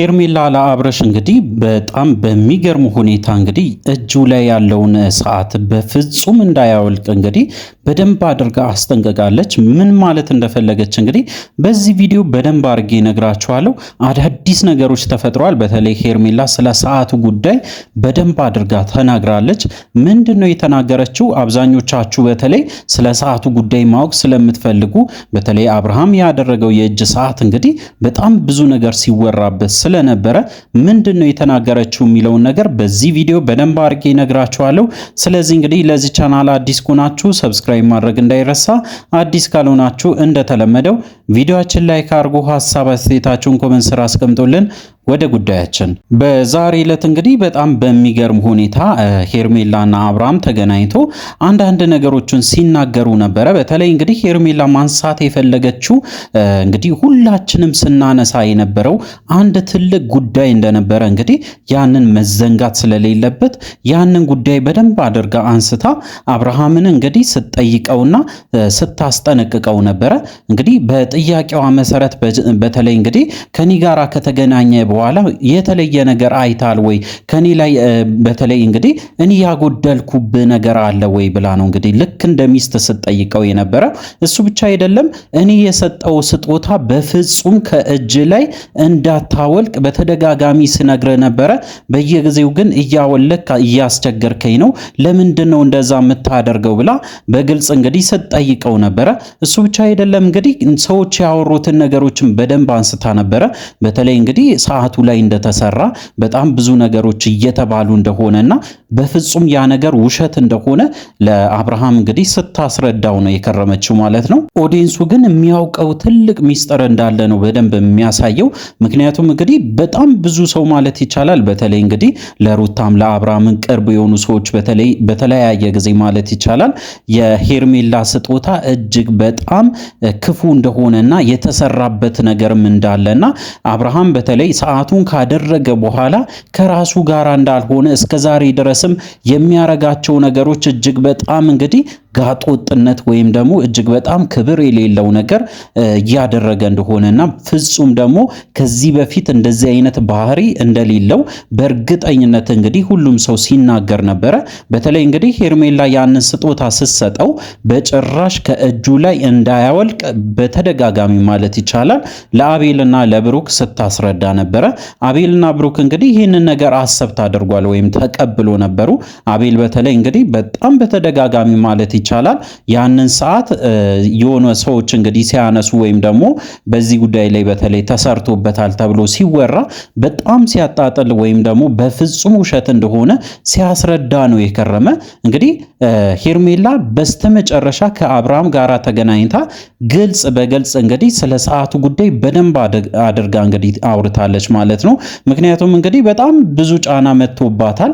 ሄርሜላ ለአብረሽ እንግዲህ በጣም በሚገርም ሁኔታ እንግዲህ እጁ ላይ ያለውን ሰዓት በፍጹም እንዳያወልቅ እንግዲህ በደንብ አድርጋ አስጠንቅቃለች። ምን ማለት እንደፈለገች እንግዲህ በዚህ ቪዲዮ በደንብ አድርጌ ነግራችኋለሁ። አዳዲስ ነገሮች ተፈጥረዋል። በተለይ ሄርሜላ ስለ ሰዓቱ ጉዳይ በደንብ አድርጋ ተናግራለች። ምንድን ነው የተናገረችው? አብዛኞቻችሁ በተለይ ስለ ሰዓቱ ጉዳይ ማወቅ ስለምትፈልጉ በተለይ አብርሃም ያደረገው የእጅ ሰዓት እንግዲህ በጣም ብዙ ነገር ሲወራበት ስለነበረ ምንድን ነው የተናገረችው የሚለውን ነገር በዚህ ቪዲዮ በደንብ አድርጌ ነግራችኋለሁ። ስለዚህ እንግዲህ ለዚህ ቻናል አዲስ ከሆናችሁ ሰብስክራይብ ማድረግ እንዳይረሳ፣ አዲስ ካልሆናችሁ እንደተለመደው ቪዲዮአችን ላይ ካርጎ ሀሳብ አስተያየታችሁን ኮመንት ስራ አስቀምጦልን ወደ ጉዳያችን በዛሬ ዕለት እንግዲህ በጣም በሚገርም ሁኔታ ሄርሜላና አብርሃም ተገናኝቶ አንዳንድ ነገሮችን ሲናገሩ ነበረ። በተለይ እንግዲህ ሄርሜላ ማንሳት የፈለገችው እንግዲህ ሁላችንም ስናነሳ የነበረው አንድ ትልቅ ጉዳይ እንደነበረ እንግዲህ ያንን መዘንጋት ስለሌለበት ያንን ጉዳይ በደንብ አድርጋ አንስታ አብርሃምን እንግዲህ ስትጠይቀውና ስታስጠነቅቀው ነበረ እንግዲህ በጥያቄዋ መሰረት በተለይ እንግዲህ ከኔ ጋራ ከተገናኘ በኋላ የተለየ ነገር አይታል ወይ ከኔ ላይ በተለይ እንግዲህ እኔ ያጎደልኩብ ነገር አለ ወይ ብላ ነው እንግዲህ ልክ እንደ ሚስት ስትጠይቀው የነበረ። እሱ ብቻ አይደለም እኔ የሰጠው ስጦታ በፍጹም ከእጅ ላይ እንዳታወልቅ በተደጋጋሚ ስነግረ ነበረ። በየጊዜው ግን እያወለክ እያስቸገርከኝ ነው፣ ለምንድን ነው እንደዛ የምታደርገው ብላ በግልጽ እንግዲህ ስትጠይቀው ነበረ። እሱ ብቻ አይደለም እንግዲህ ሰዎች ሰዎች ያወሩትን ነገሮችን በደንብ አንስታ ነበረ። በተለይ እንግዲህ ሰዓቱ ላይ እንደተሰራ በጣም ብዙ ነገሮች እየተባሉ እንደሆነና በፍጹም ያ ነገር ውሸት እንደሆነ ለአብርሃም እንግዲህ ስታስረዳው ነው የከረመችው ማለት ነው። ኦዲንሱ ግን የሚያውቀው ትልቅ ሚስጥር እንዳለ ነው በደንብ የሚያሳየው። ምክንያቱም እንግዲህ በጣም ብዙ ሰው ማለት ይቻላል በተለይ እንግዲህ ለሩታም ለአብርሃምን ቅርብ የሆኑ ሰዎች በተለይ በተለያየ ጊዜ ማለት ይቻላል የሄርሜላ ስጦታ እጅግ በጣም ክፉ እንደሆነ እንደሆነና የተሰራበት ነገርም እንዳለና አብርሃም በተለይ ሰዓቱን ካደረገ በኋላ ከራሱ ጋር እንዳልሆነ እስከ ዛሬ ድረስም የሚያረጋቸው ነገሮች እጅግ በጣም እንግዲህ ጋጦጥነት ወይም ደግሞ እጅግ በጣም ክብር የሌለው ነገር እያደረገ እንደሆነ እና ፍጹም ደግሞ ከዚህ በፊት እንደዚህ አይነት ባህሪ እንደሌለው በእርግጠኝነት እንግዲህ ሁሉም ሰው ሲናገር ነበረ። በተለይ እንግዲህ ሄርሜላ ያንን ስጦታ ስትሰጠው በጭራሽ ከእጁ ላይ እንዳያወልቅ በተደጋጋሚ ማለት ይቻላል ለአቤልና ለብሩክ ስታስረዳ ነበረ። አቤልና ብሩክ እንግዲህ ይህንን ነገር አሰብ ታደርጓል ወይም ተቀብሎ ነበሩ። አቤል በተለይ እንግዲህ በጣም በተደጋጋሚ ማለት ይቻላል። ያንን ሰዓት የሆነ ሰዎች እንግዲህ ሲያነሱ ወይም ደግሞ በዚህ ጉዳይ ላይ በተለይ ተሰርቶበታል ተብሎ ሲወራ በጣም ሲያጣጥል ወይም ደግሞ በፍጹም ውሸት እንደሆነ ሲያስረዳ ነው የከረመ እንግዲህ ሄርሜላ በስተመጨረሻ ከአብርሃም ጋር ተገናኝታ ግልጽ በግልጽ እንግዲህ ስለ ሰዓቱ ጉዳይ በደንብ አድርጋ እንግዲህ አውርታለች ማለት ነው። ምክንያቱም እንግዲህ በጣም ብዙ ጫና መጥቶባታል።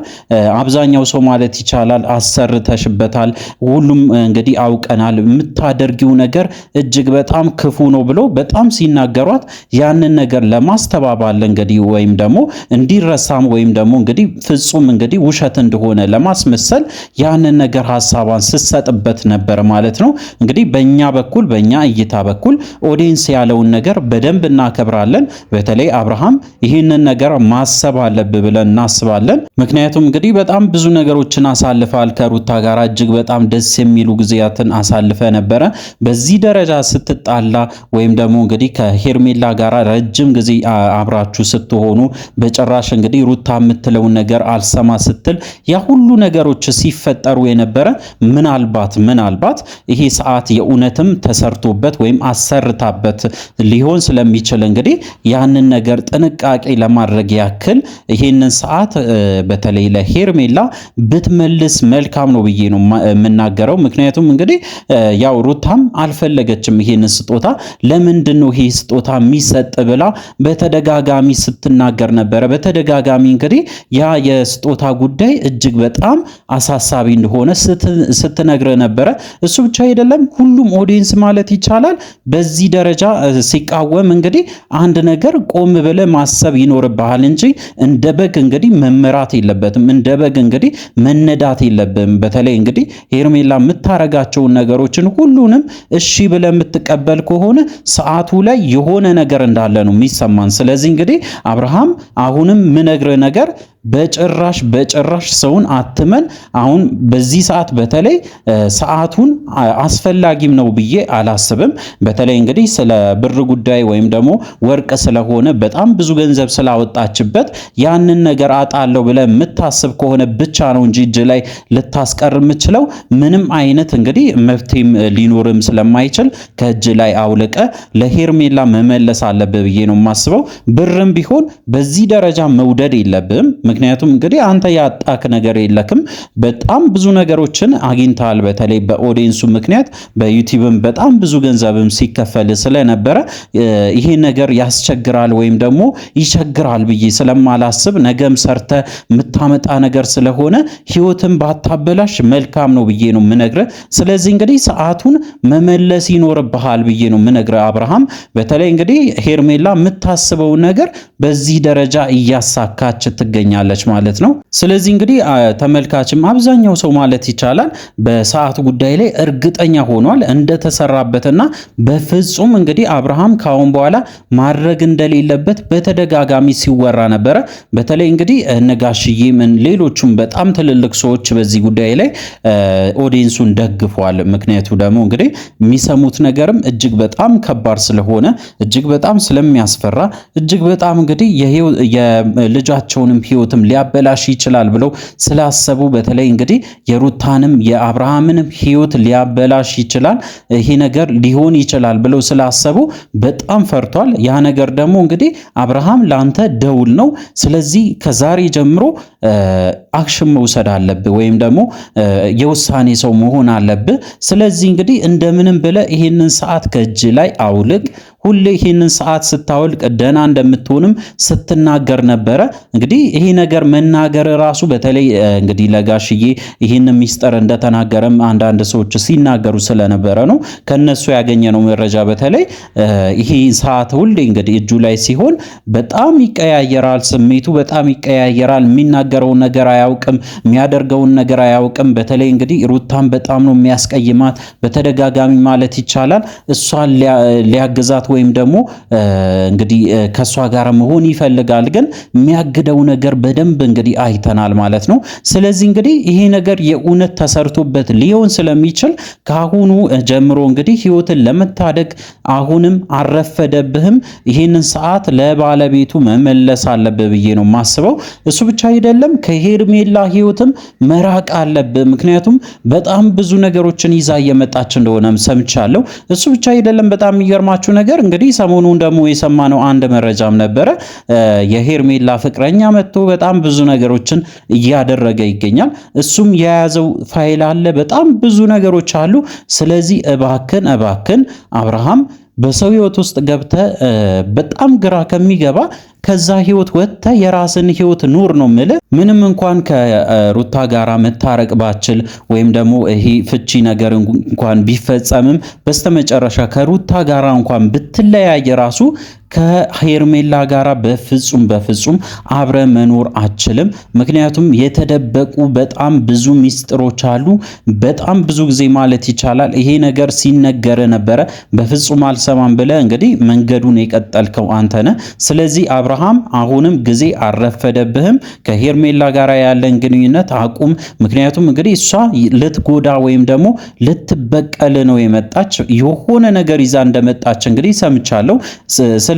አብዛኛው ሰው ማለት ይቻላል አሰርተሽበታል፣ ሁሉም እንግዲህ አውቀናል፣ የምታደርጊው ነገር እጅግ በጣም ክፉ ነው ብሎ በጣም ሲናገሯት ያንን ነገር ለማስተባባል እንግዲህ ወይም ደግሞ እንዲረሳም ወይም ደግሞ እንግዲህ ፍጹም እንግዲህ ውሸት እንደሆነ ለማስመሰል ያንን ነገር ስትናገር ሀሳቧን ስትሰጥበት ነበር ማለት ነው። እንግዲህ በእኛ በኩል በእኛ እይታ በኩል ኦዲየንስ ያለውን ነገር በደንብ እናከብራለን። በተለይ አብርሃም ይህንን ነገር ማሰብ አለብ ብለን እናስባለን። ምክንያቱም እንግዲህ በጣም ብዙ ነገሮችን አሳልፈሃል። ከሩታ ጋር እጅግ በጣም ደስ የሚሉ ጊዜያትን አሳልፈ ነበረ። በዚህ ደረጃ ስትጣላ ወይም ደግሞ እንግዲህ ከሄርሜላ ጋር ረጅም ጊዜ አብራችሁ ስትሆኑ በጭራሽ እንግዲህ ሩታ የምትለውን ነገር አልሰማ ስትል ያ ሁሉ ነገሮች ሲፈጠሩ የነበ ስለነበረ ምናልባት ምናልባት ይሄ ሰዓት የእውነትም ተሰርቶበት ወይም አሰርታበት ሊሆን ስለሚችል እንግዲህ ያንን ነገር ጥንቃቄ ለማድረግ ያክል ይሄንን ሰዓት በተለይ ለሄርሜላ ብትመልስ መልካም ነው ብዬ ነው የምናገረው። ምክንያቱም እንግዲህ ያው ሩታም አልፈለገችም ይሄንን ስጦታ። ለምንድን ነው ይሄ ስጦታ የሚሰጥ ብላ በተደጋጋሚ ስትናገር ነበረ። በተደጋጋሚ እንግዲህ ያ የስጦታ ጉዳይ እጅግ በጣም አሳሳቢ እንደሆነ ስትነግረ ነበረ። እሱ ብቻ አይደለም ሁሉም ኦዲየንስ ማለት ይቻላል በዚህ ደረጃ ሲቃወም እንግዲህ አንድ ነገር ቆም ብለ ማሰብ ይኖርብሃል እንጂ እንደ በግ እንግዲህ መመራት የለበትም። እንደ በግ እንግዲህ መነዳት የለብም። በተለይ እንግዲህ ሄርሜላ የምታረጋቸውን ነገሮችን ሁሉንም እሺ ብለ የምትቀበል ከሆነ ሰዓቱ ላይ የሆነ ነገር እንዳለ ነው የሚሰማን። ስለዚህ እንግዲህ አብርሃም አሁንም ምነግር ነገር በጭራሽ በጭራሽ ሰውን አትመን። አሁን በዚህ ሰዓት በተለይ ሰዓቱን አስፈላጊም ነው ብዬ አላስብም። በተለይ እንግዲህ ስለ ብር ጉዳይ ወይም ደግሞ ወርቅ ስለሆነ በጣም ብዙ ገንዘብ ስላወጣችበት ያንን ነገር አጣለው ብለ የምታስብ ከሆነ ብቻ ነው እንጂ እጅ ላይ ልታስቀር የምችለው ምንም አይነት እንግዲህ መፍትሄም ሊኖርም ስለማይችል ከእጅ ላይ አውልቀ ለሄርሜላ መመለስ አለብህ ብዬ ነው የማስበው። ብርም ቢሆን በዚህ ደረጃ መውደድ የለብህም። ምክንያቱም እንግዲህ አንተ ያጣክ ነገር የለክም። በጣም ብዙ ነገሮችን አግኝተሃል። በተለይ በኦዲየንሱ ምክንያት በዩቲዩብም በጣም ብዙ ገንዘብም ሲከፈል ስለነበረ ይሄ ነገር ያስቸግራል ወይም ደግሞ ይቸግራል ብዬ ስለማላስብ ነገም ሰርተ የምታመጣ ነገር ስለሆነ ህይወትን ባታበላሽ መልካም ነው ብዬ ነው ምነግረ። ስለዚህ እንግዲህ ሰዓቱን መመለስ ይኖርብሃል ብዬ ነው ምነግረ አብርሃም። በተለይ እንግዲህ ሄርሜላ የምታስበው ነገር በዚህ ደረጃ እያሳካች ትገኛለች ማለት ነው። ስለዚህ እንግዲህ ተመልካችም አብዛኛው ሰው ማለት ይቻላል በሰዓት ጉዳይ ላይ እርግጠኛ ሆኗል እንደተሰራበትና በፍጹም እንግዲህ አብርሃም ካሁን በኋላ ማድረግ እንደሌለበት በተደጋጋሚ ሲወራ ነበረ። በተለይ እንግዲህ ነጋሽዬ ምን ሌሎቹም በጣም ትልልቅ ሰዎች በዚህ ጉዳይ ላይ ኦዲንሱን ደግፏል። ምክንያቱ ደግሞ እንግዲህ የሚሰሙት ነገርም እጅግ በጣም ከባድ ስለሆነ እጅግ በጣም ስለሚያስፈራ እጅግ በጣም እንግዲህ የልጃቸውንም ህይወትም ሊያበላሽ ይችላል ብለው ስላሰቡ በተለይ እንግዲህ የሩታንም የአብርሃምንም ህይወት ሊያበላሽ ይችላል ይሄ ነገር ሊሆን ይችላል ብለው ስላሰቡ በጣም ፈርቷል። ያ ነገር ደግሞ እንግዲህ አብርሃም ላንተ ደውል ነው። ስለዚህ ከዛሬ ጀምሮ አክሽን መውሰድ አለብህ ወይም ደግሞ የውሳኔ ሰው መሆን አለብህ። ስለዚህ እንግዲህ እንደምንም ብለህ ይህንን ሰዓት ከእጅ ላይ አውልቅ። ሁሌ ይህንን ሰዓት ስታወልቅ ደህና እንደምትሆንም ስትናገር ነበረ። እንግዲህ ይሄ ነገር መናገር ራሱ በተለይ እንግዲህ ለጋሽዬ ይህን ሚስጥር እንደተናገረም አንዳንድ ሰዎች ሲናገሩ ስለነበረ ነው። ከነሱ ያገኘነው መረጃ በተለይ ይሄ ሰዓት ሁሌ እንግዲህ እጁ ላይ ሲሆን በጣም ይቀያየራል፣ ስሜቱ በጣም ይቀያየራል። የሚናገረውን ነገር አያ አያውቅም፣ የሚያደርገውን ነገር አያውቅም። በተለይ እንግዲህ ሩታን በጣም ነው የሚያስቀይማት በተደጋጋሚ ማለት ይቻላል። እሷን ሊያግዛት ወይም ደግሞ እንግዲህ ከእሷ ጋር መሆን ይፈልጋል፣ ግን የሚያግደው ነገር በደንብ እንግዲህ አይተናል ማለት ነው። ስለዚህ እንግዲህ ይሄ ነገር የእውነት ተሰርቶበት ሊሆን ስለሚችል ከአሁኑ ጀምሮ እንግዲህ ህይወትን ለመታደግ አሁንም አረፈደብህም፣ ይህንን ሰዓት ለባለቤቱ መመለስ አለብህ ብዬ ነው የማስበው። እሱ ብቻ አይደለም ከሄርሜ ከሄርሜላ ህይወትም መራቅ አለብህ። ምክንያቱም በጣም ብዙ ነገሮችን ይዛ እየመጣች እንደሆነም ሰምቻለሁ። እሱ ብቻ አይደለም። በጣም የሚገርማችሁ ነገር እንግዲህ ሰሞኑን ደግሞ የሰማነው አንድ መረጃም ነበረ። የሄርሜላ ፍቅረኛ መጥቶ በጣም ብዙ ነገሮችን እያደረገ ይገኛል። እሱም የያዘው ፋይል አለ። በጣም ብዙ ነገሮች አሉ። ስለዚህ እባክን እባክን አብርሃም በሰው ህይወት ውስጥ ገብተ በጣም ግራ ከሚገባ ከዛ ህይወት ወጥተ የራስን ህይወት ኑር ነው የምልህ። ምንም እንኳን ከሩታ ጋር መታረቅ ባችል ወይም ደግሞ ይሄ ፍቺ ነገር እንኳን ቢፈጸምም በስተመጨረሻ ከሩታ ጋር እንኳን ብትለያይ ራሱ ከሄርሜላ ጋር በፍጹም በፍጹም አብረ መኖር አችልም። ምክንያቱም የተደበቁ በጣም ብዙ ሚስጥሮች አሉ። በጣም ብዙ ጊዜ ማለት ይቻላል ይሄ ነገር ሲነገር ነበረ። በፍጹም አልሰማም ብለ እንግዲህ መንገዱን የቀጠልከው አንተነ። ስለዚህ አብርሃም አሁንም ጊዜ አረፈደብህም። ከሄርሜላ ጋር ያለን ግንኙነት አቁም። ምክንያቱም እንግዲህ እሷ ልትጎዳ ወይም ደግሞ ልትበቀል ነው የመጣች የሆነ ነገር ይዛ እንደመጣች እንግዲህ ሰምቻለሁ።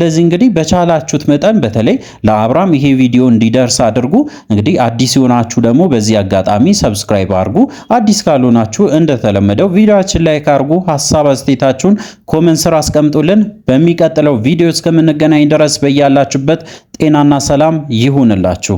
ስለዚህ እንግዲህ በቻላችሁት መጠን በተለይ ለአብራም ይሄ ቪዲዮ እንዲደርስ አድርጉ። እንግዲህ አዲስ የሆናችሁ ደግሞ በዚህ አጋጣሚ ሰብስክራይብ አድርጉ። አዲስ ካልሆናችሁ እንደተለመደው ቪዲዮአችን ላይ ካርጉ ሀሳብ አስተያየታችሁን ኮመንት ስር አስቀምጡልን። በሚቀጥለው ቪዲዮ እስከምንገናኝ ድረስ በያላችሁበት ጤናና ሰላም ይሁንላችሁ።